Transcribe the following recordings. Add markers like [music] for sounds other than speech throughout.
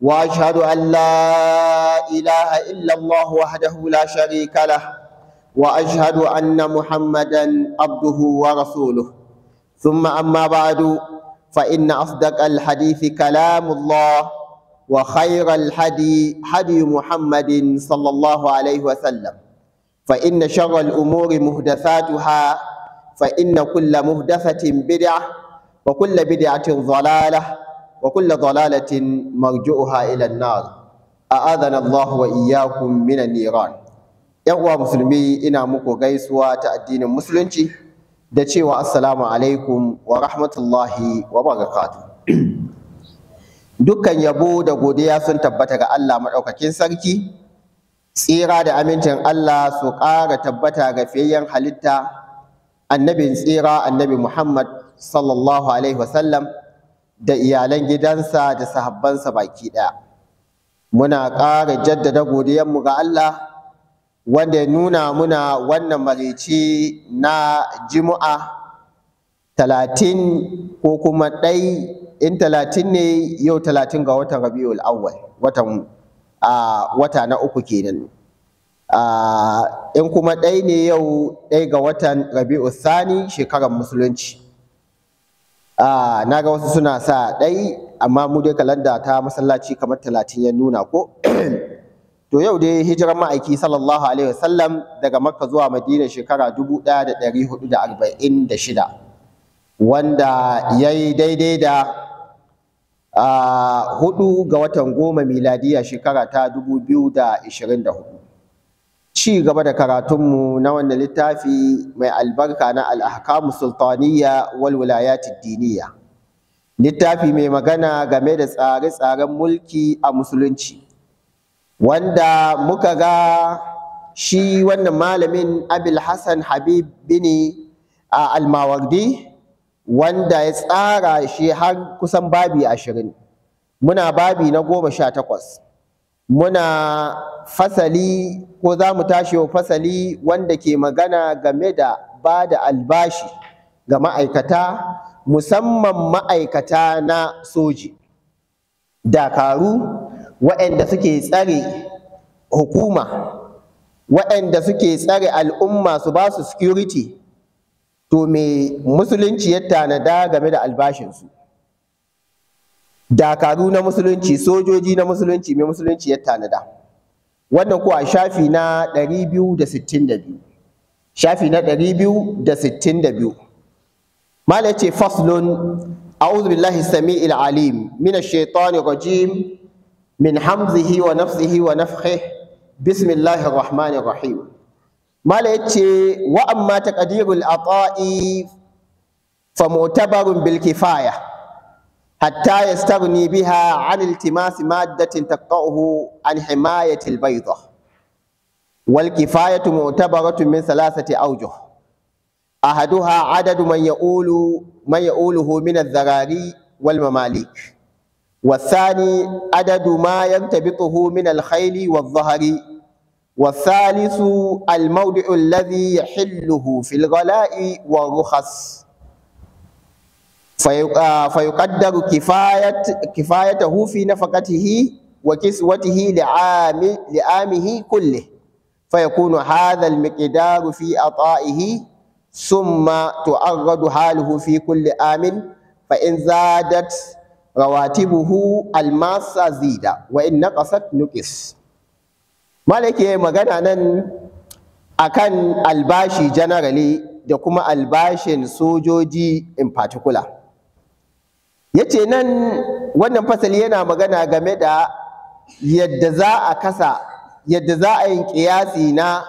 واشهد ان لا اله الا الله وحده لا شريك له واشهد ان محمدا عبده ورسوله ثم اما بعد فان اصدق الحديث كلام الله وخير الهدي هدي محمد صلى الله عليه وسلم فان شر الامور محدثاتها فان كل محدثه بدعه وكل بدعه ضلاله وكل ضلالة مرجعها إلى النار أعاذنا الله وإياكم من 'yan uwa musulmi ina muku gaisuwa ta addinin musulunci da cewa assalamu alaikum wa rahmatullahi wa barakatuh dukkan yabo da godiya sun tabbata ga Allah maɗaukakin sarki tsira da amincin Allah su ƙara tabbata ga fiyayyen halitta annabin tsira annabi Muhammad sallallahu alaihi da iyalan gidansa da sahabbansa baki ɗaya muna ƙara jaddada godiyanmu ga Allah wanda ya nuna muna wannan marici na jimu'a talatin ko kuma ɗai in talatin ne yau talatin ga watan rabiul awwal watan wata na uku kenan in kuma ɗai ne yau ɗai ga watan rabiul sani shekarar musulunci Ah, na ga wasu suna sa ɗai amma mu dai kalanda ta masallaci kamar talatin ya nuna ko to yau dai hijirar ma'aiki sallallahu alaihi wasallam daga makka zuwa madina shekara dubu ɗaya da ɗari hudu da arba'in da shida wanda ya yi daidai da ah, hudu ga watan goma miladiya shekara ta dubu biyu da ishirin da hudu ci gaba da karatunmu na wannan littafi mai albarka na al'ahkamu sultaniya wal wilayatid littafi mai magana game da tsare-tsaren mulki a musulunci wanda muka ga shi wannan malamin abil hassan habib bini a almawardi wanda ya tsara shi har kusan babi ashirin muna babi na goma sha takwas muna fasali ko za mu tashi wa fasali wanda ke magana game da ba da albashi ga ma'aikata musamman ma'aikata na soji dakaru waɗanda suke tsare hukuma waɗanda suke tsare al'umma su ba su security to me musulunci ya tanada game da albashinsu dakaru na musulunci sojoji na musulunci mai musulunci ya tanada wannan kuwa shafi na 262 shafi na 262 mala ce faslun a'udhu billahi samiil alim min ash-shaytanir rajim min hamzihi wa nafsihi wa nafthihi bismillahir rahmanir rahim mala yace wa amma taqdirul ata'i fa mu'tabarun bil kifayah حتى يستغني بها عن التماس مادة تقطعه عن حماية البيضة والكفاية معتبرة من ثلاثة أوجه أحدها عدد من يؤول من يؤوله من الذراري والمماليك والثاني عدد ما يرتبطه من الخيل والظهر والثالث الموضع الذي يحله في الغلاء والرخص fayuqaddaru kifayat kifayatahu fi nafaqatihi wa kiswatihi li'ami li'amihi kulli fayakunu hadha al-miqdaru fi ata'ihi summa tu'arradu haluhu fi kulli amin fa in zadat rawatibuhu almasa zida wa in naqasat nuqis malaki magana nan akan albashi janarali da kuma albashin sojoji in particular yace nan wannan fasali yana magana game da yadda za a kasa yadda za a yin kiyasi na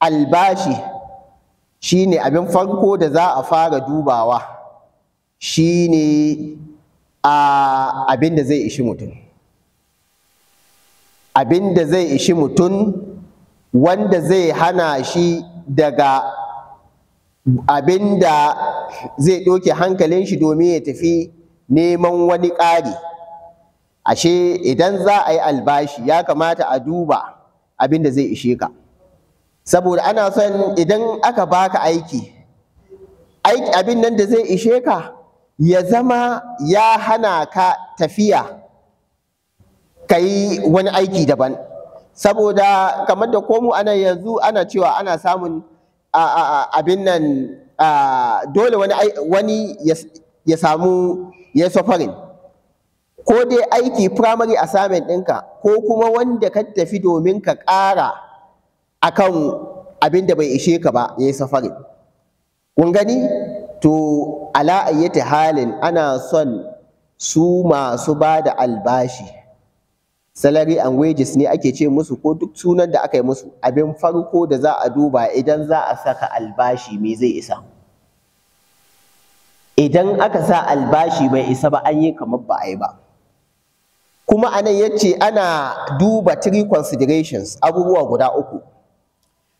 albashi shine abin farko da za a fara dubawa shine a abin da zai ishi mutum abin da zai ishi mutum wanda zai hana shi daga abin da zai ɗoke hankalin shi domin ya tafi neman wani ƙari ashe idan za a yi albashi ya kamata a duba abin da zai ishe ka saboda ana son idan aka baka aiki abin nan da zai ishe ka ya zama ya hana ka tafiya ka yi wani aiki daban saboda kamar da komu ana yanzu ana cewa ana samun abin nan dole wani ya samu ya safarin ko dai aiki firamare a assignment ɗinka ko kuma wanda ka tafi domin ka ƙara akan abin da bai ishe ka ba ya yi safarin kun gani to ala ayyati halin ana son su masu ba da albashi salary and wages ne ake ce musu ko duk sunan da aka yi musu abin farko da za a duba idan za a saka albashi me zai isa idan aka sa albashi bai isa ba an yi kamar ba ba kuma anan ya ce ana duba three considerations abubuwa guda uku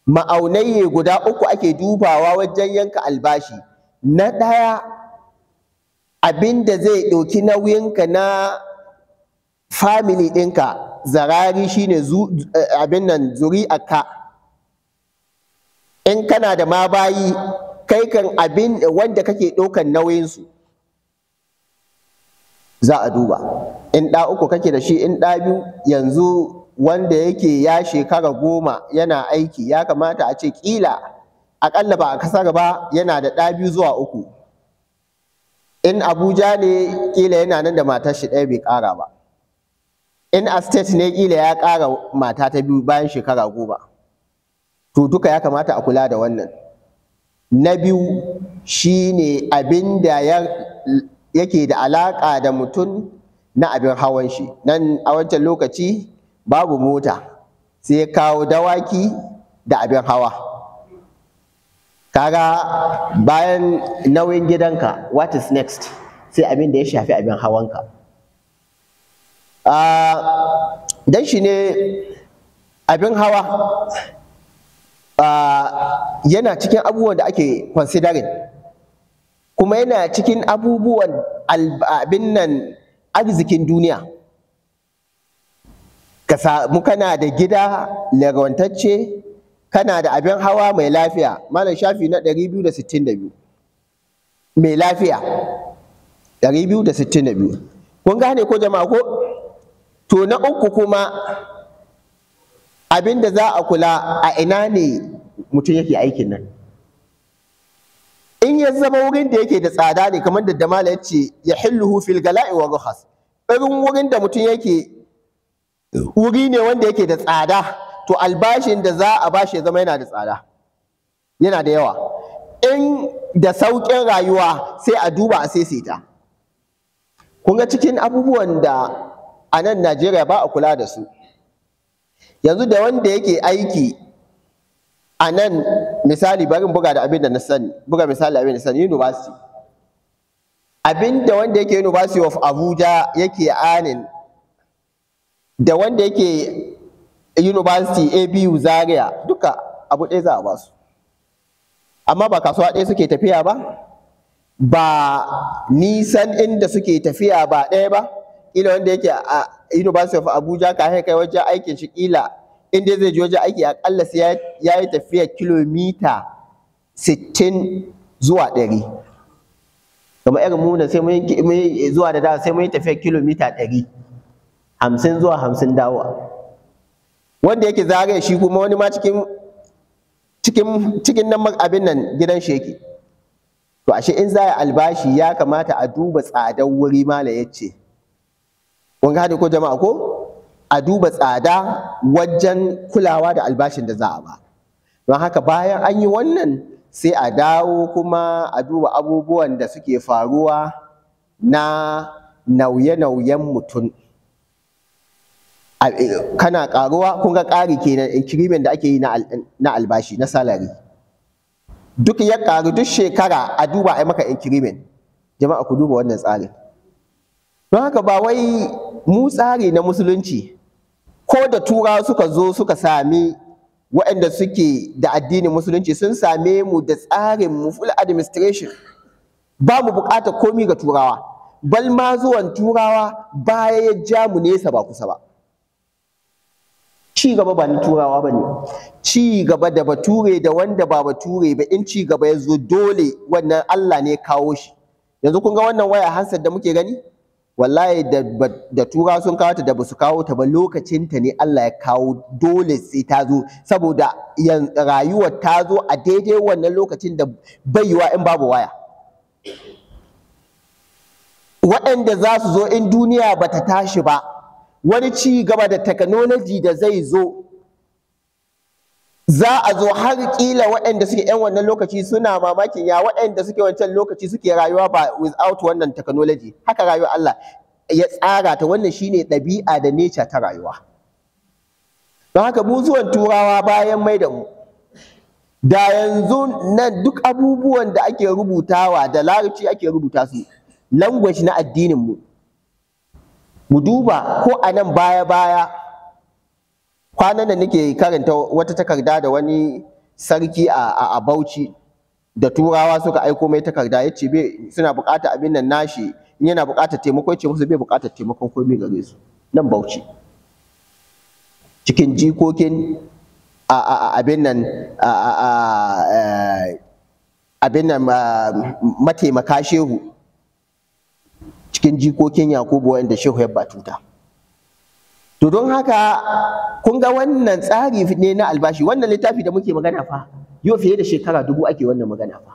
ma'aunayye guda uku ake dubawa wajen yanka albashi na ɗaya abin da zai ɗauki nauyinka na family ɗinka zarari shine eh, abin nan ka. in kana da ma bayi kai kan abin wanda kake ɗaukan nauyinsu za a duba in ɗa uku kake da shi in ɗa biyu yanzu wanda yake ya shekara goma yana aiki ya kamata a ce ƙila aƙalla ba a kasar ba yana da ɗa biyu zuwa uku in abuja ne ƙila yana nan da matar shi ɗaya bai ƙara ba in a state ne ƙila ya ƙara mata ta biyu bayan shekara goma to duka ya kamata a kula da wannan na biyu ne abin da yake da alaƙa da mutum na abin hawan shi nan a wancan lokaci babu mota sai ya kawo dawaki da abin hawa kaga bayan nauyin gidanka what is next sai abin da ya shafi abin hawanka ah, don shi ne abin hawa Ah, yana cikin abubuwan da ake considering kuma yana cikin abubuwan abin nan arzikin duniya ka samu kana da gida lagwantacce kana da abin hawa mai lafiya malam shafi na 262 mai lafiya 262 kun gane ko jama'a ko to na uku kuma abin da za a kula a ina ne mutum yake aikin nan in ya zama wurin da yake da tsada ne kamar da damala ya ce ya hilluhu fil gala'i wa ruhas irin wurin da mutum yake wuri ne wanda yake da tsada to albashin da za a bashi ya zama yana da tsada yana da yawa in da sauƙin rayuwa sai a duba a saisaita kun ga cikin abubuwan da a nan najeriya ba a kula da su yanzu da wanda yake aiki a nan misali barin buga da abin da na sani buga misali abin da sani university abin da wanda yake university of abuja yake anin da wanda yake university abu zaria duka abu ɗaya za a ba su amma ba kasuwa ɗaya suke tafiya ba ba nisan inda suke tafiya ba ɗaya ba kila wanda yake a University of Abuja ka kai wajen aikin shi kila in dai zai je wajen aiki akalla sai ya yi tafiya kilomita 60 zuwa 100 kuma irin mu da sai mun zuwa da dawa sai mun yi tafiya kilomita 100 hamsin zuwa hamsin dawa wanda yake zagaye shi kuma wani ma cikin cikin cikin nan abin nan gidan shi yake to ashe in za a albashi ya kamata a duba tsadar wuri mala yace kun gane ko jama'a ko a duba tsada wajen kulawa da albashin da za a ba don haka bayan an yi wannan sai a dawo kuma a duba abubuwan da suke faruwa na nauye-nauyen mutum eh, kana karuwa kun ga ƙari kenan increment da ake yi na albashi na salary duk ya karu duk shekara a duba yi maka increment jama'a ku duba wannan tsarin don haka ba wai mu tsari na musulunci ko da turawa suka zo suka sami waɗanda suke da addinin musulunci sun same mu da tsarin mu full administration ba mu buƙatar komi ga turawa bal ma zuwan turawa baya ya ja mu nesa ba kusa ba ci gaba ba na turawa ba ne ci gaba da bature da wanda ba bature ba in ci gaba ya zo dole wannan Allah ne kawo shi yanzu kun ga wannan waya hansar da muke gani wallahi da tura sun kawo ta da ba su kawo ta ba lokacin ta ne Allah ya kawo dole sai ta zo saboda rayuwar ta zo a daidai wannan lokacin da baiwa in babu waya waɗanda za su zo in duniya ba ta tashi ba wani ci gaba da technology da zai zo za a zo har kila waɗanda suke yan wannan lokaci suna mamakin ya waɗanda suke wancan lokaci suke rayuwa ba without wannan technology haka rayuwa Allah ya tsara ta wannan shine ɗabi'a da nature ta rayuwa don haka mu zuwan turawa bayan mai da mu da yanzu nan duk abubuwan da ake rubutawa da larabci ake rubuta su language na addinin mu mu duba ko a nan baya baya kwanan da nake karanta wata takarda da wani sarki a Bauchi da turawa suka aiko mai takarda ya ce suna bukata abin nan nashi in yana bukata taimako ya ce musu bai bukata taimakon komai gare su nan Bauchi cikin jikokin abin nan abin nan mataimaka shehu cikin jikokin Yakubu wanda shehu ya batuta to don haka kun ga wannan tsari ne na albashi wannan littafi da muke magana fa yau fiye da shekara dubu ake wannan magana fa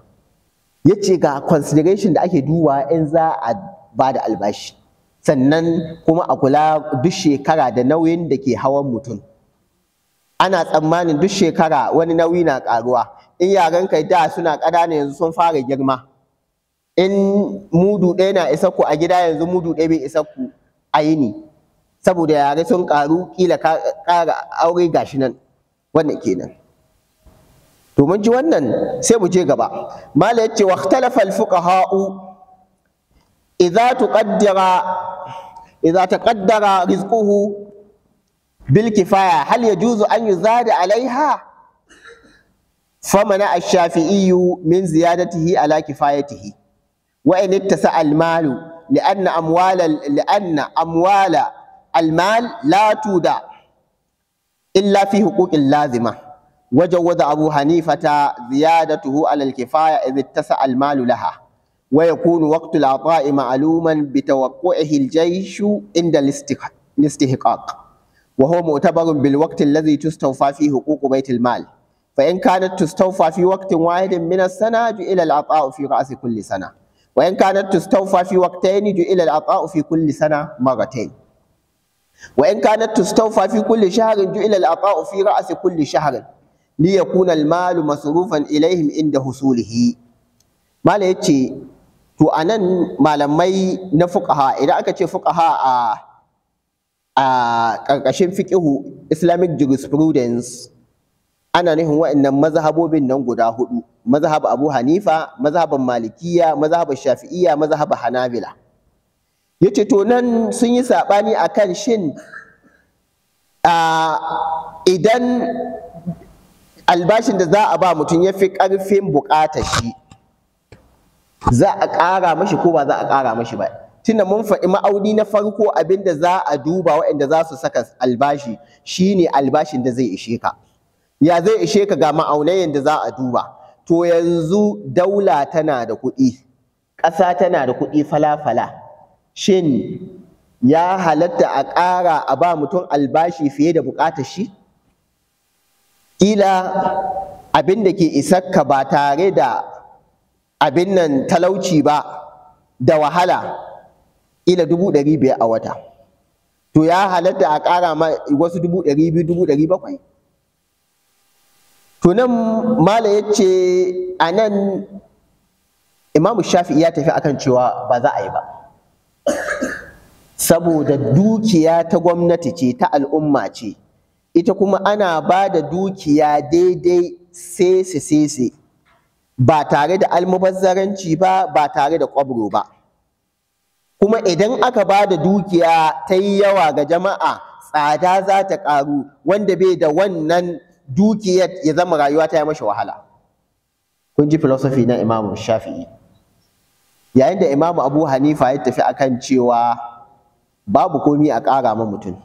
Ya ce ga consideration da ake duba in za a ba da albashi sannan kuma a kula duk shekara da nauyin da ke hawan mutum ana tsammanin duk shekara wani nauyi na karuwa in yaran kai da suna ƙanana yanzu sun fara girma in mudu ɗaya na isa ku a gida yanzu mudu ɗaya bai isa ku a yini saboda yare sun karu kila ƙara aure gashi nan wannan kenan to mun ji wannan sai mu je gaba mala yace wa ikhtalafa al fuqaha'u idza tuqaddara idza taqaddara rizquhu bil kifaya hal yajuzu an yuzada alaiha famana ash-shafi'i min ziyadatihi ala kifayatihi wa in ittasa al لأن أموال لأن أموال المال لا تودع إلا في حقوق اللازمة وجوز أبو حنيفة زيادته على الكفاية إذ اتسع المال لها ويكون وقت العطاء معلوما بتوقعه الجيش عند الاستحقاق وهو معتبر بالوقت الذي تستوفى فيه حقوق بيت المال فإن كانت تستوفى في وقت واحد من السنة جئل العطاء في رأس كل سنة وإن كانت تستوفى في وقتين جئل العطاء في كل سنة مرتين wa in kanat tustawfa fi kulli shahrin ju'ila al-ata'u fi ra'si kulli shahrin li yakuna al-malu masrufan ilaihim inda husulihi mala yace to anan malamai na fuqaha idan aka ce fuqaha a a karkashin fiqihu islamic jurisprudence ana nufin waɗannan mazhabobin nan guda hudu mazhab Abu Hanifa mazhaban Malikiya mazhaban Shafi'iyya mazhaban Hanabila ya ce to nan sun yi saɓani a kan shin idan albashin da za a ba mutum ya fi ƙarfin buƙatar shi za a ƙara mashi ko ba za a ƙara mashi ba tunda mun faɗi ma'auni na farko abin da za a duba waɗanda za su saka albashi shine albashin da zai ishe ka ya zai ishe ka ga ma'aunayen da za a duba to yanzu daula tana da kuɗi ƙasa tana da kuɗi fala-fala shin ya halatta a ƙara a ba mutum albashi fiye da buƙatar shi ƙila abin da ke isakka ba tare da abin nan talauci ba da wahala ƙila dubu ɗari biyar a wata to ya halatta a ƙara ma wasu dubu ɗari biyu dubu ɗari bakwai to nan mala ya ce a nan imamu shafi ya tafi akan cewa ba za a yi ba saboda dukiya ta gwamnati ce ta al'umma ce ita kuma ana ba da dukiya daidai sese sese ba tare da almubazzaranci ba ba tare da kwabro ba kuma idan aka ba da dukiya ta yi yawa ga jama'a tsada za ta ƙaru wanda bai da wannan dukiyar ya zama rayuwa ta yi mashi wahala kun ji philosophy na imamu shafi'i yayin da imamu abu hanifa ya tafi akan cewa babu komi a ƙara ma mutum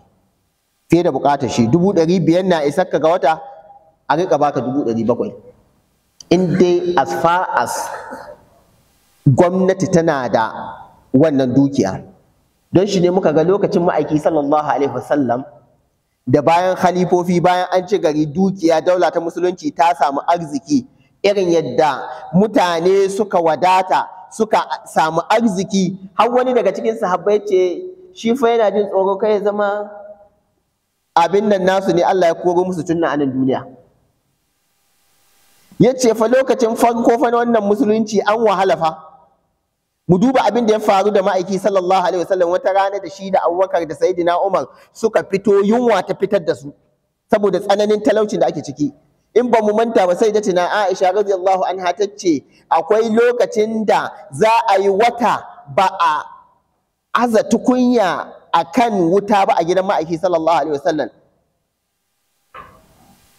fiye da buƙatar shi dubu ɗari biyar na isar ka ga wata a riƙa baka dubu ɗari bakwai in dai as far as gwamnati tana da wannan dukiya don shi ne muka ga lokacin ma'aiki sallallahu alaihi wasallam da bayan khalifofi bayan an ci gari dukiya daula ta musulunci ta samu arziki irin yadda mutane suka wadata suka samu arziki har wani daga cikin sahabbai ce shi fa yana jin tsoro kai ya zama abin nan nasu ne Allah ya koro musu tunna a nan duniya yace fa lokacin farko fa wannan musulunci an wahala fa mu duba abin da ya faru da ma'aiki sallallahu alaihi wasallam wata rana da shi da Abubakar da Sayyidina Umar suka fito yunwa ta fitar da su saboda tsananin talaucin da ake ciki in ba mu manta ba sai ta tuna Aisha radiyallahu anha ta ce akwai lokacin da za a yi wata ba a aza tukunya akan wuta ba a gidan ma'aiki sallallahu alaihi wasallam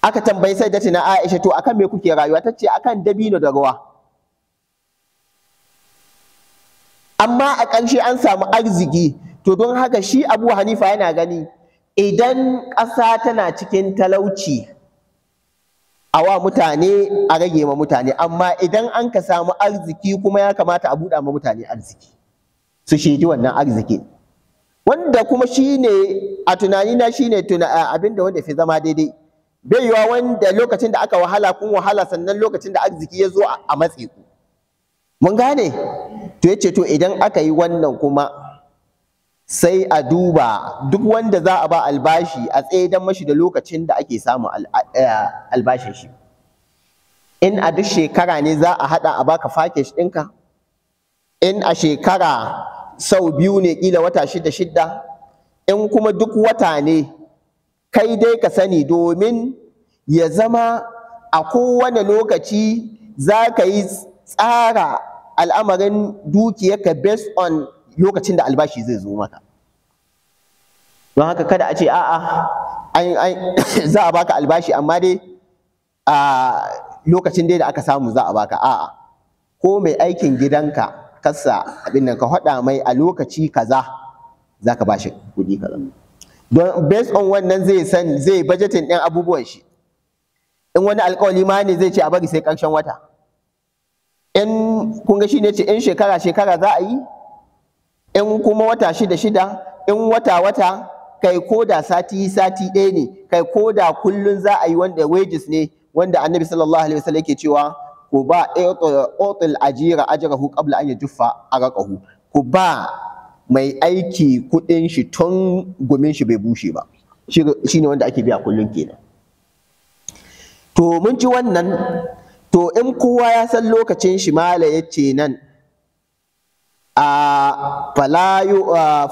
aka tambayi sai dace na Aisha to akan me kuke rayuwa ta ce akan dabino da ruwa amma a ƙarshe an samu arziki to don haka shi Abu Hanifa yana gani idan ƙasa tana cikin talauci a wa mutane a rage ma mutane amma idan an ka samu arziki kuma ya kamata a buɗa ma mutane arziki su shaidi wannan arziki wanda kuma shine a tunanina shine ne abinda wanda fi zama daidai bai yiwa wanda lokacin da aka wahala kun wahala sannan lokacin da arziki ya zo a matse ku mun gane to yace to idan aka yi wannan kuma sai a duba duk wanda za a ba albashi a don mashi da lokacin da ake samun eh, albashin shi in a duk shekara ne za a hada a baka shi ɗinka in a shekara sau biyu ne kila wata shida shida in kuma duk wata ne kai dai ka sani domin ya zama a kowane lokaci za ka yi tsara al'amarin dukiyarka based on lokacin da albashi zai zo maka don haka kada a ce a'a [coughs] za a baka albashi amma dai a lokacin dai da aka samu za a baka a'a ko mai aikin gidanka kasa abin nan ka hada mai a lokaci kaza za ka bashi kuɗi kaza don based on wannan zai san zai budgeting ɗin abubuwan shi in wani alkawali ma ne zai ce a bari sai karshen wata in kun ga shi ne ce in shekara shekara za a yi in kuma wata shida shida in wata wata kai ko da sati sati ɗaya ne kai ko da kullun za a yi wanda wages ne wanda annabi sallallahu alaihi wasallam yake cewa ku ba utul ajira ajrahu qabla an yajuffa araqahu ku ba mai aiki kuɗin shi tun gumin shi bai bushe ba shine wanda ake biya kullun kenan to mun ji wannan to in kowa ya san lokacin shi mala yace nan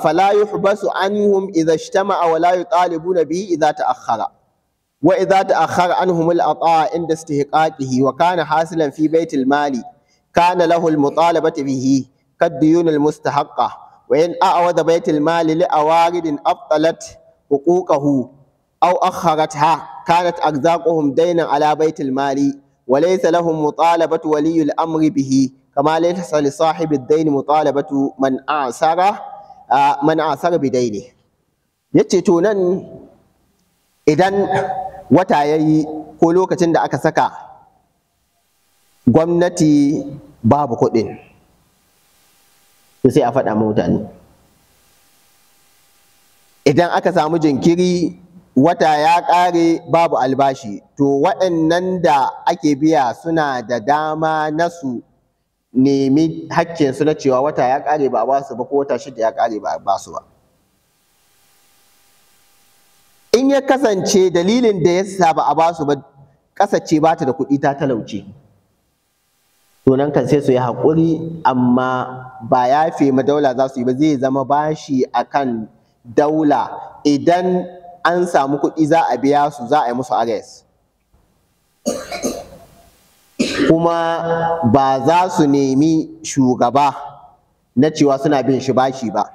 فلا يحبس عنهم إذا اجتمع ولا يطالبون به إذا تأخر وإذا تأخر عنهم الأطاع عند استحقاقه وكان حاصلا في بيت المال كان له المطالبة به كالديون المستحقة وإن أعوض بيت المال لأوارد أبطلت حقوقه أو أخرتها كانت أرزاقهم دينا على بيت المال وليس لهم مطالبة ولي الأمر به kama laysa li sahibi ad mutalabatu man asara man asara bi dayni yace to nan idan wata yayi ko lokacin da aka saka gwamnati babu kuɗin sai a faɗa mutane idan aka samu jinkiri wata ya ƙare babu albashi to waɗannan da ake biya suna da dama nasu nemi hakkinsu na cewa wata ya ƙare ba ba su ba ko wata shida ya ƙare ba ba su ba in ya kasance dalilin da ya sa ba a ba su ba ƙasa ce ba ta da kuɗi ta talauce to nan kan sai su yi haƙuri amma ba yafe ma daula za su yi ba zai zama bashi akan daula idan an samu kuɗi za a biya su za a yi musu arrest kuma ba za su nemi shugaba na cewa suna bin shi bashi ba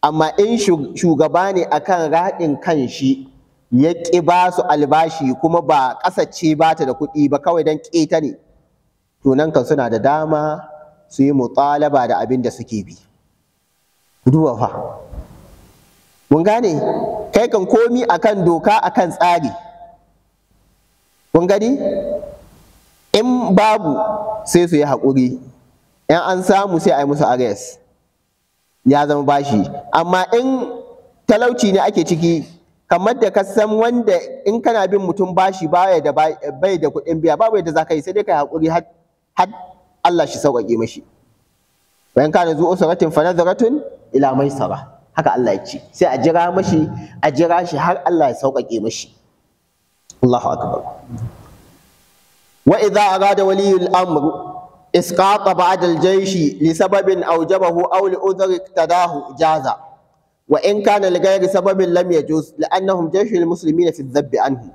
amma in shugaba ne akan raɗin kan shi ya ƙi ba su albashi kuma ba ƙasace ba ta da kuɗi ba kawai don ƙeta ne to kan suna da dama su yi mutalaba da abin da suke bi duwa fa mun gane kai kan komi akan doka akan tsari kun gani in babu sai su yi haƙuri in an samu sai a yi musu ares ya zama bashi amma in talauci ne ake ciki kamar da ka san wanda in kana bin mutum bashi baya da bai da kuɗin biya babu yadda za ka yi sai dai ka yi haƙuri har Allah shi sauƙaƙe mashi bayan da zuwa sauratun fa nazaratun ila maisara haka Allah ya ce sai a jira mashi a jira shi har Allah ya sauƙaƙe mashi Allahu akbar وإذا أراد arada الأمر amr إسقاط بعد الجيش لسبب أوجبه أو لأذر اقتداه جازا وإن كان لغير سبب لم يجوز لأنهم جيش المسلمين في الذب عنه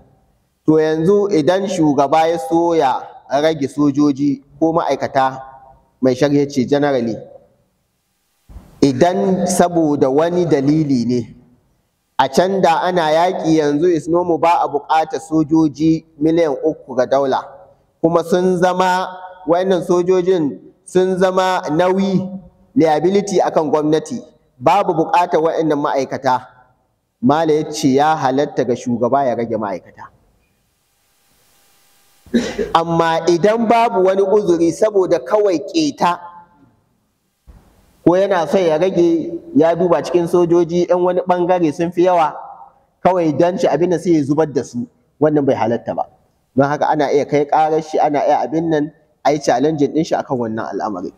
to yanzu idan shugaba ya soya rage sojoji ko ma'aikata mai shari'a ce generally idan saboda wani dalili ne a can da ana yaƙi yanzu isnomu ba a buƙatar sojoji miliyan uku ga daula kuma sun zama wayannan sojojin sun zama nauyi liability akan gwamnati babu buƙatar wayannan ma'aikata mala ya ce ya halatta ga shugaba ya rage ma'aikata amma idan babu wani uzuri saboda kawai keta ko yana son ya rage ya duba cikin sojoji yan wani bangare sun fi yawa kawai don shi abin da sai ya zubar da su wannan bai halatta ba don haka ana iya kai karar shi ana iya abin nan a yi challenging din shi akan wannan al'amari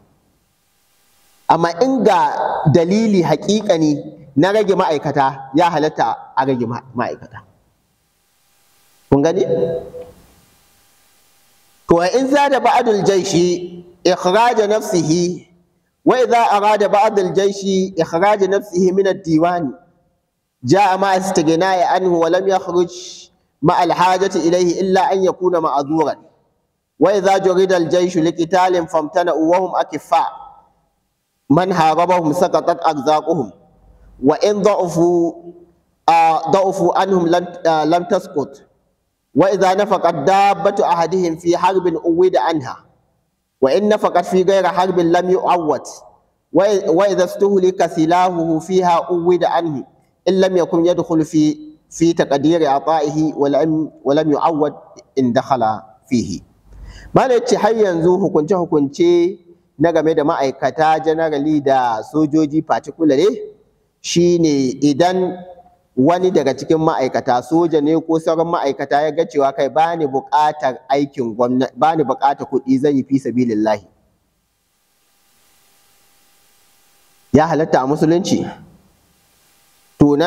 amma in ga dalili haƙiƙani na rage ma'aikata ya halatta a rage ma'aikata kun gani to in zada ba'dul jaishi ikhraja nafsihi wa idza arada ba'dul jaishi ikhraja nafsihi min ad-diwan jaa ma istighna'i anhu wa lam yakhruj ma'alhajati ilayhi illa an yakuna ma'azuran wa idha jurida aljayshu liqitalin famtana'u wa hum akifa man harabahum saqatat arzaquhum wa in da'ufu da'ufu anhum lam tasqut wa idha nafaqat dabbatu ahadihim fi harbin uwida anha wa in nafaqat fi ghayri harbin lam yu'awwat wa idha stuhlika silahuhu fiha uwida anhu in lam yakun yadkhulu fi fi taqdiri ata'ihi wa lam yu'awwad in dakhala fihi mala yace har yanzu hukunce hukunce na game da ma'aikata generally da sojoji particularly shine idan wani daga cikin ma'aikata soja ne ko sauran ma'aikata ya ga cewa kai ba ni buƙatar aikin gwamnati ba ni buƙatar kuɗi zan yi fi sabilillahi ya halatta a musulunci to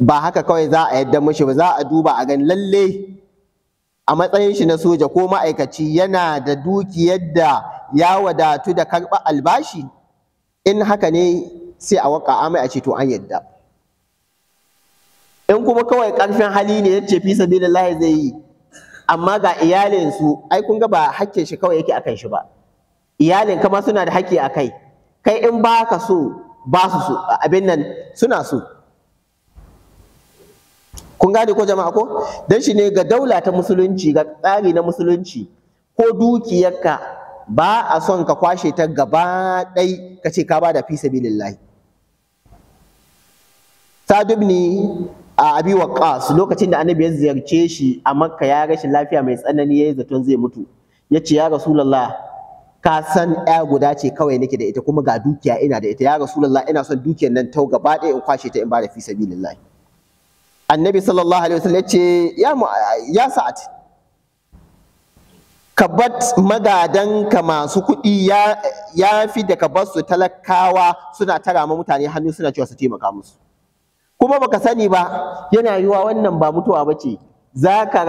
ba haka kawai za a yadda mushi ba za a duba a gan lalle a matsayin shi na soja ko ma'aikaci yana da dukiyar da ya wadatu da karɓar albashi in haka ne sai a waka amai a ce to an yadda in kuma kawai ƙarfin hali ne yace fi sabilillahi zai yi amma ga iyalinsu ai kun ga ba hakkin shi kawai yake akan shi ba iyalin kama suna da haƙƙi a kai kai in baka so ba su so abin nan suna so kun gane ko jama'a ko dan shi ne ga daula ta musulunci ga tsari na musulunci ko dukiyarka ba a son ka kwashe ta gaba ɗai ka ce ka bada fi sabilillahi sa'ad ibn abi waqas lokacin da annabi ya ziyarce shi a makka ya rashin lafiya mai tsanani yayi zaton zai mutu Ya ce ya rasulullah ka san ya guda ce kawai nake da ita kuma ga dukiya ina da ita ya rasulullah ina son dukiyar nan tau gaba ɗaya in kwashe ta in bada fi sabilillahi annabi sallallahu alaihi wasallam yace ya ya sa'ad ka bat magadanka masu kuɗi ya ya fi da ka bar su talakawa suna tara ma mutane hannu suna cewa su taimaka musu kuma baka sani ba yana yiwa wannan ba mutuwa bace za ka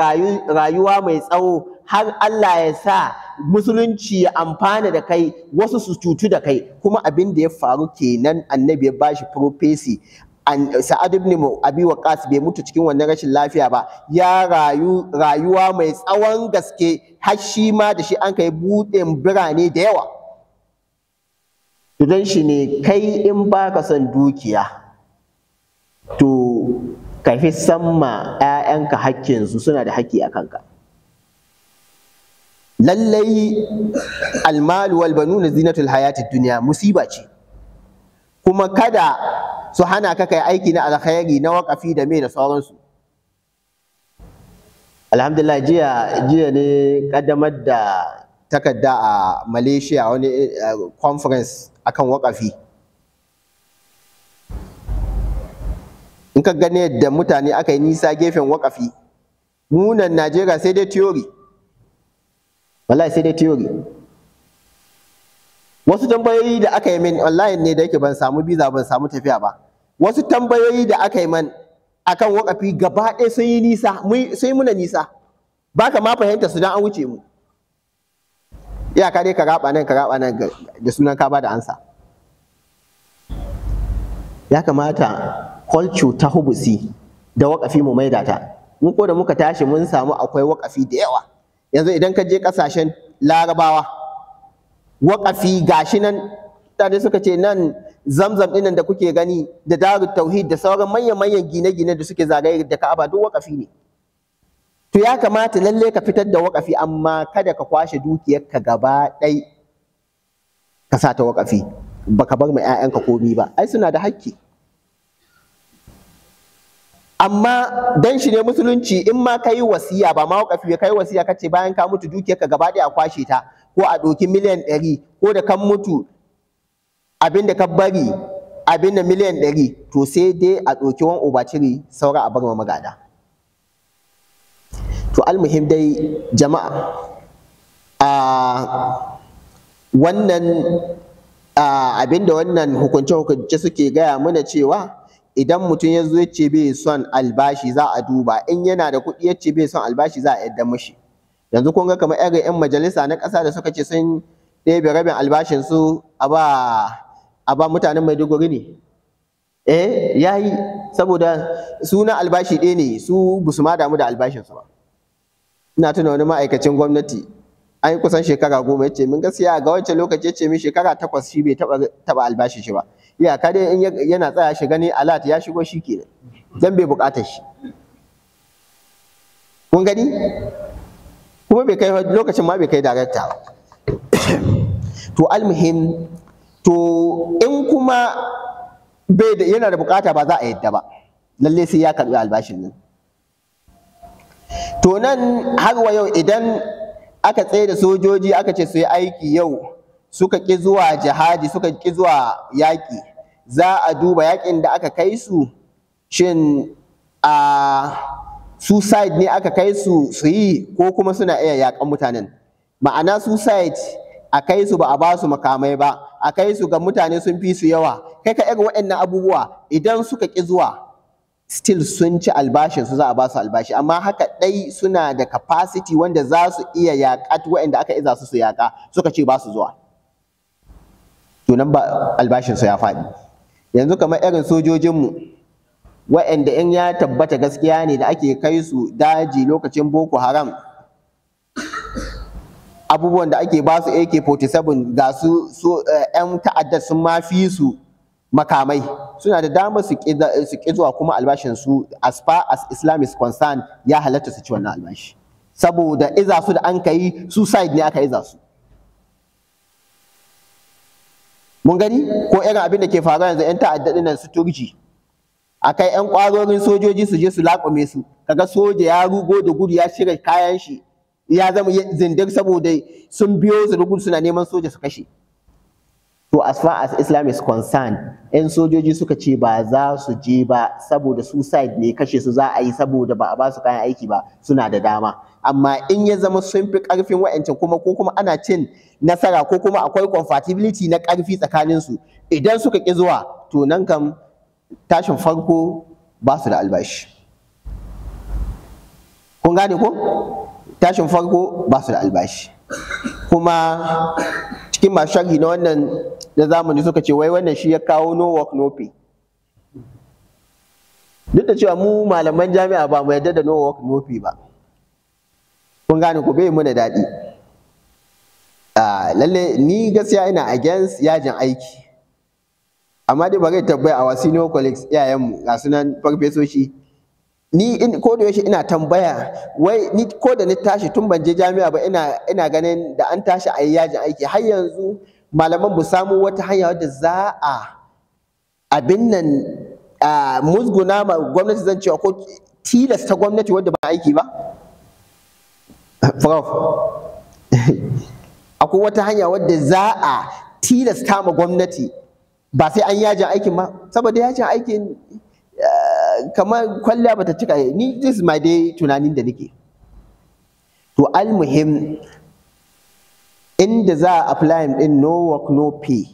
rayuwa mai tsawo har Allah ya sa musulunci ya amfana da kai wasu su cutu da kai kuma abin da ya faru kenan annabi ya bashi profesi Sa'ad ibn Abi Waqqas bai mutu cikin wannan rashin lafiya ba ya rayu rayuwa mai tsawon gaske har shi ma da shi an kai buɗin birane da yawa Tudan shi ne kai in baka son dukiya to ka fi ma 'ya'yanka hakkinsu suna da hakki a kanka lallai almalu wal banuna zinatul hayatid duniya musiba ce kuma kada su hana ka kai aiki na alkhairi na wakafi da me da sauransu alhamdulillah jiya jiya ne kaddamar da takarda a malaysia wani eh, conference akan wakafi in ka gane yadda mutane aka yi nisa gefen wakafi munan najeriya sai dai theory wallahi sai dai theory wasu tambayoyi da aka yi min online ne da yake ban samu biza ban samu tafiya ba wasu tambayoyi da aka yi min akan wakafi gaba ɗaya sun yi nisa sun yi muna nisa baka ma fahimta su dan an wuce mu iyaka dai ka raba nan ka raba nan da sunan ka ba da ansa ya kamata culture ta hubusi da wakafi mu maida ta mu ko da muka tashi mun samu akwai wakafi da yawa yanzu idan ka je kasashen larabawa waƙafi gashi nan mutane suka ce nan zamzam ɗinan da kuke gani da darut tauhid da sauran manyan-manyan gine-gine da suke zagaye da ka'aba duk waƙafi ne to ya kamata lalle ka fitar da waƙafi amma kada ka kwashe dukiyarka gaba ɗai ka sa ta waƙafi baka bar ma 'ya'yanka komi ba ai suna da hakki amma dan shi ne musulunci in ma kai wasiya ba ma waƙafi kai wasiya kace bayan ka mutu dukiyarka gaba ɗaya a kwashe ta ko a ɗauki miliyan ɗari ko da kan mutu abinda ka bari abinda miliyan ɗari to sai dai a ɗauki wani obaciri saura a bar magada to almuhim dai jama'a a wannan abinda wannan hukunce-hukunce suke gaya mana cewa idan mutum ya zo ya ce bai son albashi za a duba in yana da kuɗi ya ce bai son albashi za a yadda mashi yanzu kun ga kamar irin 'yan majalisa na ƙasa da suka ce sun ɗebe rabin albashin su a ba a ba mutanen maiduguri ne eh ya yi saboda suna albashi ɗaya ne su ba su ma damu da albashin su ba ina tuna wani ma'aikacin gwamnati an yi kusan shekara goma ya ce min gaskiya ga wancan lokaci ya ce min shekara takwas shi bai taɓa albashi shi ba iyaka dai in yana tsaya shi gani alat ya shigo shi kenan dan bai buƙatar shi kun gani kuma bai kai lokacin ma bai kai darakta [coughs] to almuhim to in kuma bai da yana da bukata ba za a yadda ba lalle sai ya karbi albashin nan to nan har wa yau idan aka tsaye da sojoji aka ce su yi aiki yau suka ƙi zuwa jihadi suka ki zuwa yaƙi za a duba yaƙin da aka kai su shin a ah, suicide ne aka kai su su yi ko kuma suna iya yakan mutanen ma'ana suicide a kai su ba a ba su makamai ba a kai su ga mutane sun fi su yawa kai ka irin waɗannan abubuwa idan suka ƙi zuwa still sun ci albashin su za a ba su albashi amma haka ɗai suna da capacity wanda za su iya yaƙa waɗanda aka iza su su yaƙa suka ce ba su zuwa to ba albashin su ya faɗi yanzu kamar irin sojojinmu wa'anda in ya tabbata gaskiya ne da ake kai su daji lokacin boko haram abubuwan da ake ba su AK47 ga su 'yan eh, ta'addar sun ma fi su makamai suna da damar su ki zuwa kuma albashin su as far as Islam is concerned ya halatta su ci wannan albashi saboda iza su da an kai suicide ne aka iza su mun gani ko irin abin da ke faruwa yanzu 'yan ta'addar nan su turji akai yan kwarorin sojoji su je su laƙume su kaga soja ya rugo da gudu ya shirya kayan shi ya zama zindir saboda sun biyo su rugu suna neman soja su kashe to as far as islam is concerned yan sojoji suka ce ba za su je ba saboda suicide ne kashe su za a yi saboda ba a ba su kayan aiki ba suna da dama amma in ya zama sun fi karfin wa'ancan kuma ko kuma ana cin nasara ko kuma akwai compatibility na karfi tsakanin su idan suka ki zuwa to nan kam tashin farko ba su da albashi kun gane ko tashin farko ba su da albashi kuma cikin masu na wannan na zamani suka ce wai wannan shi ya kawo no work no pay duk da cewa mu malaman jami'a ba mu yadda da no work no pay ba kun gane ku bai muna daɗi ah, lalle ni gaskiya ina against yajin aiki amma dai ba zai tambaya a senior colleagues iyayenmu ga sunan farfesoshi ni in ko da yaushe ina tambaya wai ni ko da ni tashi tun ban je jami'a ba ina ina ganin da an tashi a yajin aiki har yanzu malaman bu samu wata hanya wadda za a abin nan a musguna ma gwamnati zan cewa ko tilasta gwamnati wadda ba aiki ba prof [laughs] akwai wata hanya wadda za a tilasta ma gwamnati ba sai an yajin aikin ma saboda yajin aikin eh, kamar kwalliya bata cika ni this my day tunanin da nake to almuhim inda za a apply din no work no pay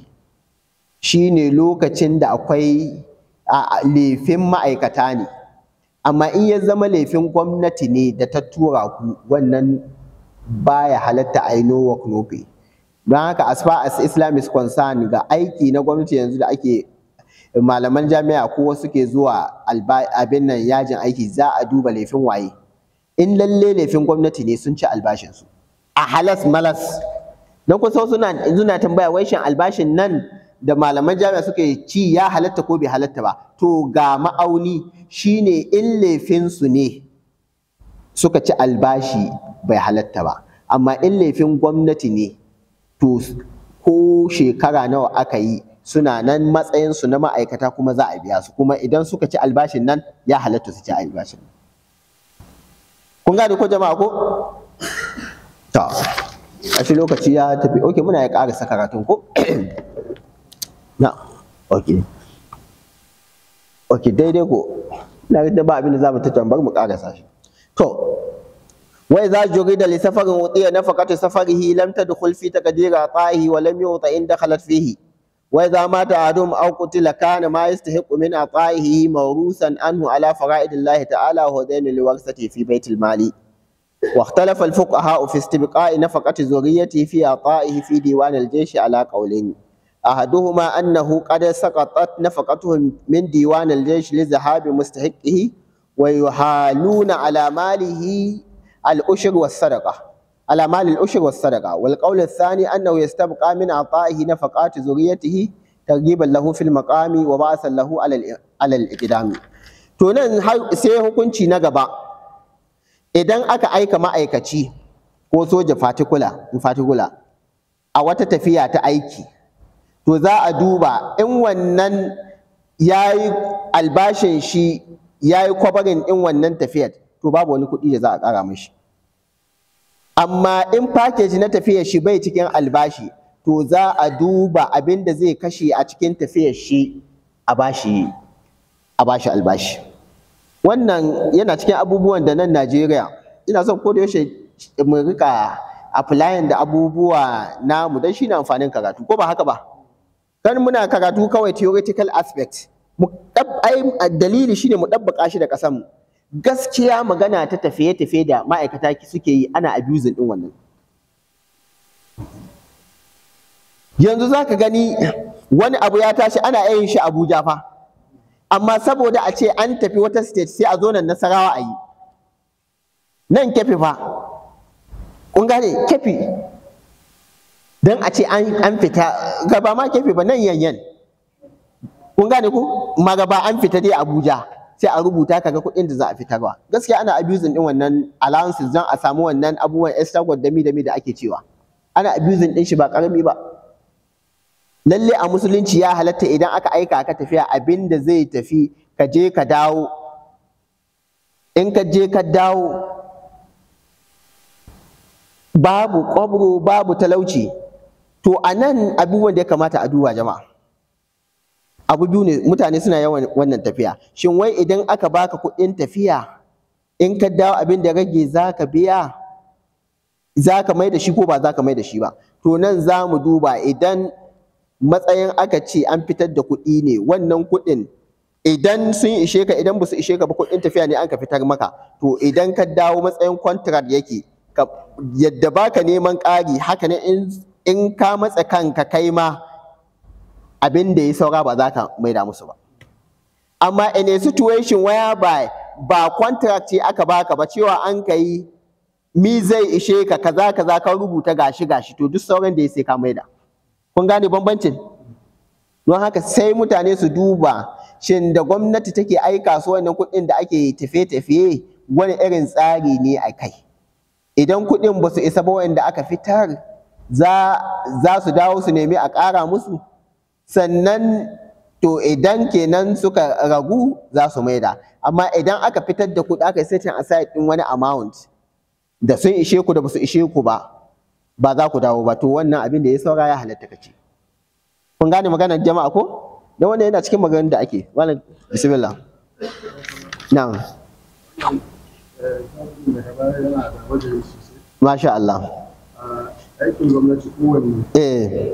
shine lokacin da akwai a laifin ma'aikata ne amma in ya zama lefin gwamnati ne da ta tura ku wannan baya halatta a yi no work no pay don haka as far as islam is concerned ga aiki na gwamnati yanzu da ake malaman jami'a ko wasu ke zuwa abin nan yajin aiki za a duba laifin waye in lalle laifin gwamnati ne sun ci albashinsu a halas malas don kusa suna suna tambaya wai shin albashin nan da malaman jami'a suke ci ya halatta ko bai halatta ba to ga ma'auni shine in laifin su ne suka ci albashi bai halatta ba amma in laifin gwamnati ne to ko shekara nawa aka yi suna nan matsayin su na ma'aikata kuma za a biya su kuma idan suka ci albashin nan ya halatta su ci albashin kun gane ko jama'a ko to ashe lokaci ya tafi okay muna ya ƙara sakaratun ko [clears throat] na okay okay daidai ko na ga ba abin da za mu ta tambar mu ƙarasa shi to wai za jogi da lisafarin wutsiya na fakatu safari da kulfi ta dukul fi takadira tsahi wa lam yuta in dakhalat fihi wai za ma ta adum aw qutila kana ma yastahiqu min tsahi mawrusan anhu ala faraid ta'ala wa dayn li warsati fi bayt al mali wa ikhtalafa al fi istibqa'i nafaqat zuriyyati fi tsahi fi diwan al jaysh ala qawlin ahaduhuma annahu qad saqatat nafaqatuhu min diwan al jaysh ala malihi al-ushr was sadaqa al-amal al-ushr was sadaqa wal qawl ath-thani zuriyatihi targiban lahu fil maqami wa ba'asan lahu ala al to nan sai hukunci na gaba idan aka aika ma'aikaci ko soja fatikula in a wata tafiya ta aiki to za a duba in albashin shi ya yi kwabarin ɗin wannan tafiyar to babu wani kuɗi da za a ƙara mashi amma in package na tafiyar shi bai cikin albashi to za a duba abin da zai kashe a cikin tafiyar shi a bashi a albashi wannan yana cikin abubuwan da nan Najeriya ina son koda yaushe mu rika applying da abubuwa namu dan shine amfanin karatu ko ba haka ba kan muna karatu kawai theoretical aspect mu dalili shine mu dabbaka shi da kasan mu gaskiya magana ta tafiye-tafiye da ma'aikata suke yi ana abusing din wannan yanzu za ka gani wani abu ya tashi ana yin shi abuja fa amma saboda a ce an tafi wata state sai a zo nan nasarawa a yi nan kefi fa kun gane kefi don a ce an fita gaba ma kefi ba nan yanyan kun gane ku ma gaba an fita dai abuja sai a rubuta kaga kuɗin da za a fitarwa gaskiya ana abusing din wannan allowances don a samu wannan abubuwan extra da mi da ake cewa ana abusing din shi ba karami ba lalle a musulunci ya halatta idan aka aika ka tafiya abin da zai tafi ka je ka dawo in ka je ka dawo babu kwabro babu talauci to anan nan abubuwan da ya kamata a duba jama'a abu biyu ne mutane suna yawan wannan tafiya shin wai idan aka baka kuɗin tafiya in ka dawo abin da rage za ka biya za ka mai da shi ko ba za ka mai da shi ba to nan za mu duba idan matsayin aka ce an fitar da kuɗi ne wannan kuɗin idan sun ishe ka idan ba su ishe ka ba kuɗin tafiya ne an ka fitar maka to idan ka dawo matsayin contract yake yadda baka neman ƙari haka ne in ka matsa kanka kai ma abin da ya saura ba za ka maida musu ba amma in a situation where by ba contract ce aka baka ba cewa an ka yi mi zai ishe ka kaza kaza ka rubuta gashi gashi to duk sauran da ya sai ka maida kun gane bambancin don haka sai mutane su duba shin da gwamnati take aika su wannan kuɗin da ake tafiye-tafiye wani irin tsari ne a kai idan kuɗin ba su isa ba wanda aka fitar za su dawo su nemi a ƙara musu sannan to idan kenan suka ragu za su maida amma idan aka fitar da kuɗi aka yi setting aside ɗin wani amount da sun ishe ku da ba su ishe ku ba ba za ku dawo ba to wannan abin da ya saura ya halatta kace kun gane maganar jama'a ko dan wannan yana cikin maganar da ake wannan bismillah na'am masha Allah aikin gwamnati kowanne eh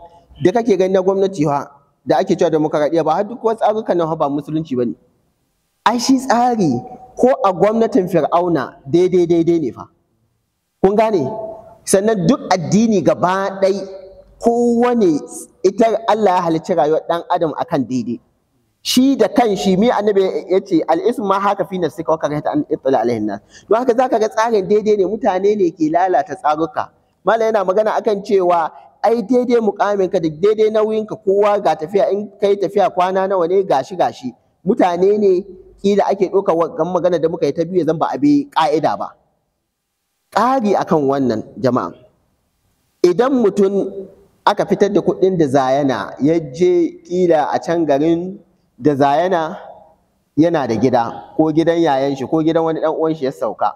da kake gani na gwamnati ha da ake cewa demokradiya ba har duk wasu tsarukan nan ba musulunci bane ai shi tsari ko a gwamnatin fir'auna daidai daidai ne fa kun gane sannan duk addini gaba ɗai kowane ita Allah ya halicci rayuwar ɗan adam akan daidai shi da kan shi mi annabi ya ce al'ism ma haka fi nafsi ka ta an ittala alaihin nas don haka zaka ga tsarin daidai ne mutane ne ke lalata tsaruka mallam yana magana akan cewa ai daidai mukamin ka da daidai nauyin ka kowa ga tafiya in kai tafiya kwana nawa ne gashi gashi mutane ne kila ake ɗauka wannan magana da muka yi ta biyu zan ba abi ka'ida ba ƙari akan wannan jama'a idan mutum aka fitar da kuɗin da zayana ya je kila a can garin da zayana yana da gida ko gidan yayan shi ko gidan wani ɗan uwan shi ya sauka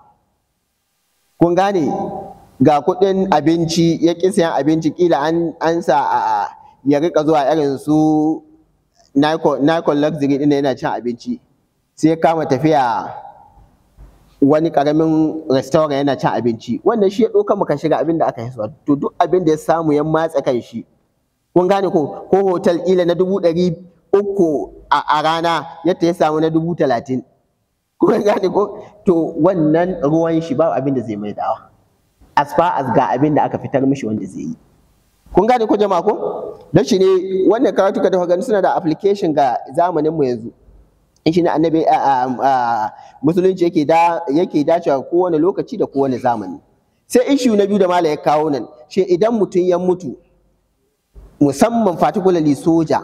kun gane ga kudin abinci ya ƙi sayan abinci kila an sa a ya rika zuwa irin su nikon luxury ɗin yana cin abinci sai ya kama tafiya wani karamin restaurant yana cin abinci wannan shi ya ɗauka maka shiga abin da aka yi to duk abin da ya samu ya matsa kan shi kun gane ko ko hotel kila na dubu ɗari uku a rana yadda ya samu na dubu talatin kun gane ko to wannan ruwan shi ba abin da zai mai dawa as far as ga abin da aka fitar mishi wanda zai yi kun gane ko jama'a ko don shi ne wannan karatu ka dafa gani suna da application ga zamanin yanzu in shi ne annabi musulunci yake da yake dacewa kowane lokaci da kowane zamani sai ishu na biyu da mala ya kawo nan shi idan mutum ya mutu musamman particularly soja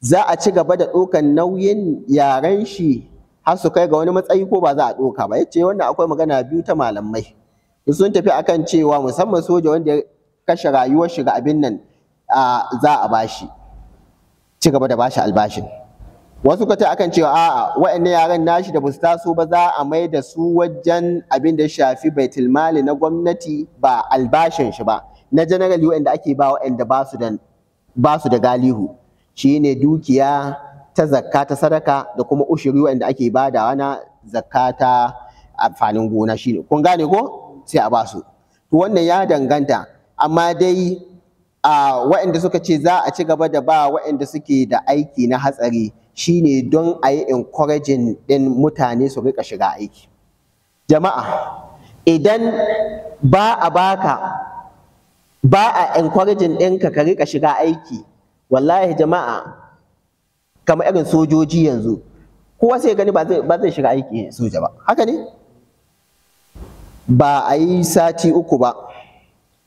za a ci gaba da ɗaukar nauyin yaren shi har su kai ga wani matsayi ko ba za a ɗauka ba yace wannan akwai magana biyu ta malamai sun tafi akan cewa musamman soja wanda ya kashe rayuwar shiga ga abin nan za a bashi ci gaba da bashi albashin wasu ka ta akan cewa a'a waɗannan yaran nashi da basu taso ba za a mai da su wajen abin da shafi bai tilmali na gwamnati ba albashin shi ba na generally waɗanda ake ba waɗanda ba su da ba su da galihu shine dukiya ta zakka ta sadaka da kuma ushiri waɗanda ake badawa na zakka ta amfanin gona shine kun gane ko sai a basu to wannan ya danganta amma dai a waɗanda suka ce za a ci gaba da ba waɗanda suke da aiki na hatsari shine don a yi encouraging ɗin mutane su rika shiga aiki jama'a idan ba a baka ba a encouraging ɗinka ka rika shiga aiki wallahi jama'a kamar irin sojoji yanzu kowa sai gani ba zai shiga aiki soja ba haka ne ba a yi sati uku ba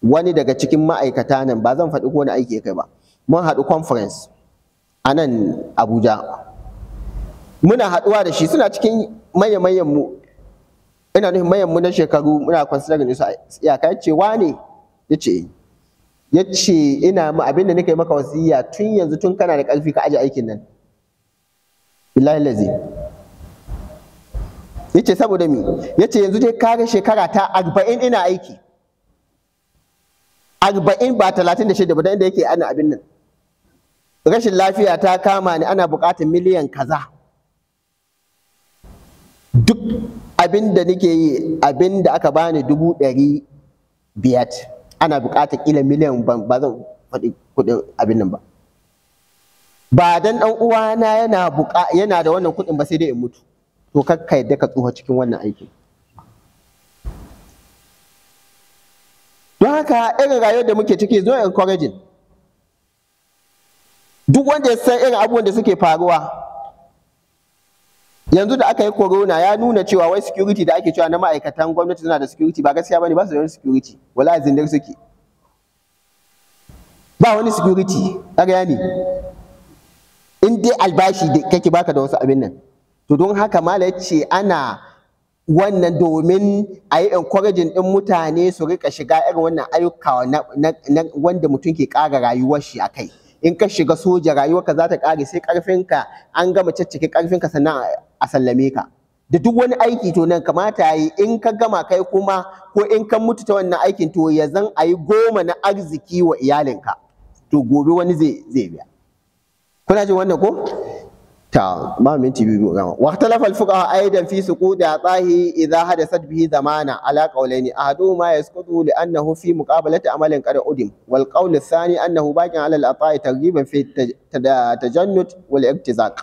wani daga cikin ma'aikata nan ba zan faɗi ko wani aiki kai ba mun haɗu conference a nan abuja muna haɗuwa da shi suna cikin maye-mayen ina nufin mayan na shekaru muna considering su iyaka ya ce wane ya ce ya ce ina mu abin da nika yi maka wasiya tun yanzu tun kana da ƙarfi ka aji aikin nan billahi yace saboda mi yace yanzu dai kare shekara ta arba'in ina aiki arba'in ba talatin da shida ba da inda yake ana abin nan rashin lafiya ta kama ni ana buƙatar miliyan kaza duk abin da nake yi abin da aka bani dubu ɗari biyar ana buƙatar ƙila miliyan ba zan faɗi kuɗin abin nan ba ba dan ɗan uwana yana da wannan kuɗin ba sai dai in mutu to kakka yadda ka tsuha cikin wannan aikin don haka irin rayuwar da muke ciki zo encouraging duk wanda ya san irin abubuwan da suke faruwa yanzu da aka yi corona ya nuna cewa wai security da ake cewa na ma'aikatan gwamnati suna da security ba gaskiya bane ba su da wani security wala zindar suke ba wani security ƙarya ne in dai albashi kake baka da wasu abin nan to don haka mala ce ana wannan domin a yi ɗin mutane su rika shiga irin wannan ayyuka wanda mutum ke ƙara rayuwar shi a kai in ka shiga soja rayuwarka za ta ƙare sai ƙarfinka an gama caccake ƙarfinka sannan a sallame ka da duk wani aiki to nan kamata yi in ka gama kai kuma ko in ka mutu ta wannan aikin to ya zan a yi goma na arziki wa iyalinka to gobe wani zai biya kuna jin wannan ko ta ba minti biyu gama wa ikhtalafa al-fuqaha aidan fi suqudi atahi idha hadasat bihi zamana ala qawlaini ma yasqudu li annahu fi muqabalati amalin qad udim wal qawl athani annahu baqin ala al-ata'i targhiban fi tajannud wal iktizaq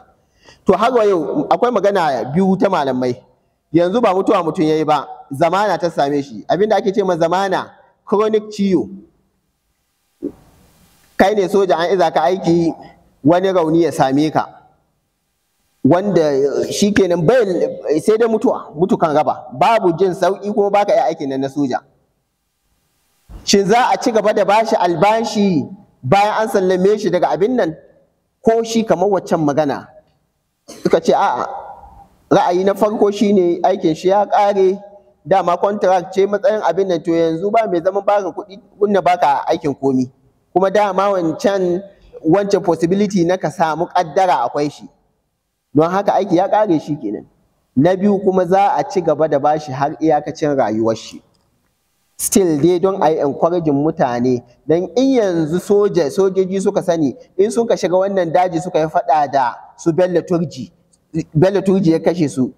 to har yau akwai magana biyu ta malamai yanzu ba mutuwa mutun yayi ba zamana ta same shi abinda ake ce ma zamana chronic ciwo kai ne soja an iza ka aiki wani rauni ya same ka wanda shi kenan bai sai dai mutuwa mutukan raba babu jin sauki kuma baka yi aikin nan na soja shin za a ci gaba da bashi albashi bayan an sallame shi daga abin nan ko shi kamar waccan magana suka ce a'a ra'ayi na farko shine aikin shi ya kare. dama contract ce matsayin abin nan to yanzu ba mai zaman baka kuɗi kunna baka aikin komi kuma dama wancan wancan possibility na ka samu kaddara akwai shi don haka aiki ya ƙare shi kenan na biyu kuma za a ci gaba da bashi har iyakacin rayuwar shi still dai don a yi encouraging mutane don in yanzu soja sojoji suka sani in suka shiga wannan daji suka yi faɗa da su bello turji ya kashe su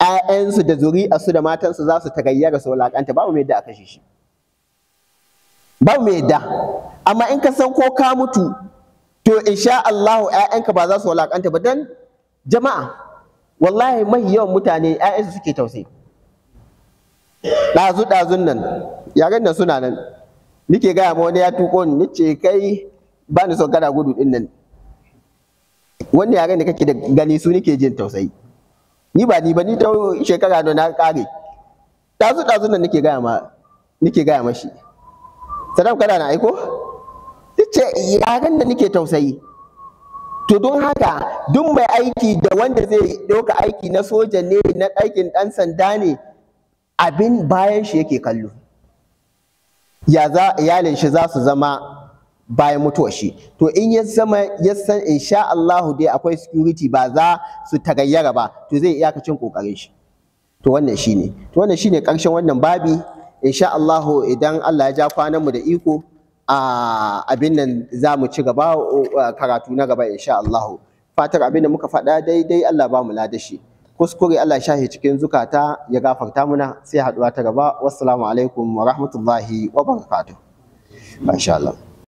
‘ya'yansu da zuri'arsu da matansu za su tagayyara su wulaƙanta babu mai da a kashe shi babu mai da amma in ka san ko ka mutu to insha Allah ‘ya'yanka ba za su wulaƙanta ba don jama'a wallahi mahi yawan mutane 'ya'yan suke tausayi ɗazu ɗazun nan yaren nan suna nan nike gaya ma wani ya tuko ni ce kai ba ni son kana gudu ɗin nan wanda yaren da kake da gani su nike jin tausayi ni ba ni ba ni ta shekara da na ƙare. ɗazu ɗazun nan nike gaya ma nike gaya mashi sadam kana na aiko ce yaren da nike tausayi To don haka duk mai aiki da wanda zai ɗauka aiki na soja ne na ɗakin ɗan sanda ne abin bayan shi yake kallo. Ya za iyalin shi za su zama bayan mutuwar shi to in ya zama ya san insha Allah dai akwai security ba za su tagayyara ba to zai iyakacin kokarin shi to wannan shine to wannan shine karshen wannan babi insha Allah idan Allah ya ja kwanan mu da iko abin nan za mu ci gaba karatu na gaba insha Allah fatar abin da muka faɗa daidai Allah ba mu shi. kuskure Allah shahi cikin zukata ya gafarta muna sai haɗuwa ta gaba wassalamu alaikum wa rahmatullahi wa barakatuh insha Allah